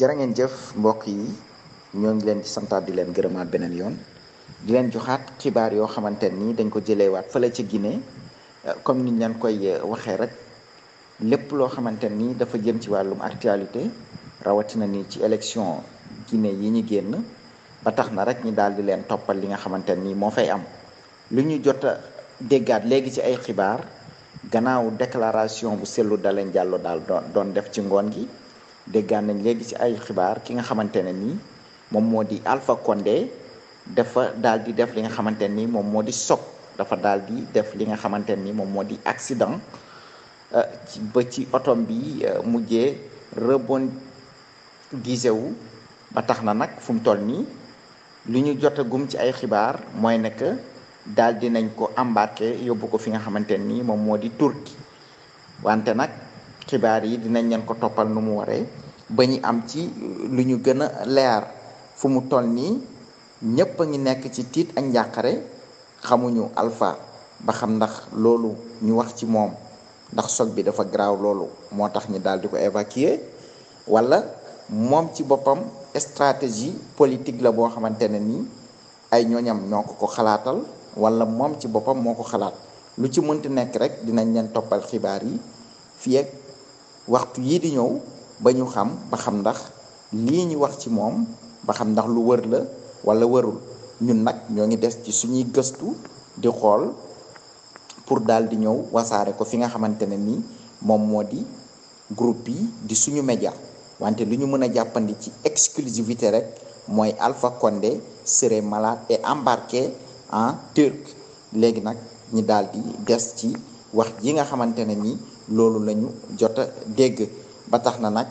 jërë ngeen jëf mbokk yi ñoo ngi leen ci santaat di leen gërëmaat beneen yoon di leen joxaat xibaar yoo xamante ni dañ ko jëlee waat fële ci Guinée euh, comme niñ leen koy euh, waxee rek lépp loo xamante nii dafa jëm ci wàllum actualité rawatina ni ci élection Guinée yi ñu génn ba tax na rek ñi daal di leen toppal li nga xamante nii moo fay am lu ñu jot déggaat léegi ci ay xibaar gannaaw déclaration bu Cellou Dalein jàlloo daal doon def ci ngoon gi déggaan nañ léegi ci ay xibaar ki nga xamante ne nii moom moo di Alpha Condé dafa daal di def li nga xamante nii moom moo di choc dafa daal di def li nga xamante nii moom moo di accident euh, ci ci otom bi euh, mujjee rebondissé wu ba tax na nag fu mu toll nii lu ñu jotagum ci ay xibaar mooy ne que di nañ ko embarqué yóbbu ko fi nga xamante nii moom moo di Turquie wante nag. xibaar yi dinañ leen ko toppal nu mu waree ba ñu am ci lu ñu gën a leer fu mu toll nii ñépp a ngi nekk ci tiit ak njàqare xamuñu Alpha ba xam ndax loolu ñu wax ci moom ndax choc bi dafa garaaw loolu moo tax ñu daal di ko évacuer walla moom ci boppam stratégie politique la boo xamante ne nii ay ñooñam ñoo ko ko xalaatal wala moom ci boppam moo ko xalaat lu ci mënti nekk rek dinañ leen toppal xibaar yi fii ak waxtu yii di ñëw ba ñu xam ba xam ndax lii ñu wax ci moom ba xam ndax lu wër la walla wërul ñun nag ñoo ngi des ci suñuy gëstu di xool pour daal di ñëw wasaare ko fi nga xamante ne nii moom moo di groupe yi di suñu média wante lu ñu mën a jàppandi ci exclusivité rek mooy Alpha Condé serait malade et embarqué en Turquie léegi nag ñi daal di des ci wax yi nga xamante ne nii loolu lañu jota dégg ba tax na nag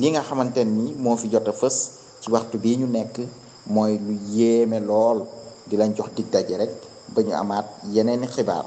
li nga xamante ni moo fi jota fës ci waxtu bii ñu nekk mooy lu yéeme lool di lañ jox dig daje rek ba ñu amaat yeneeni xibaar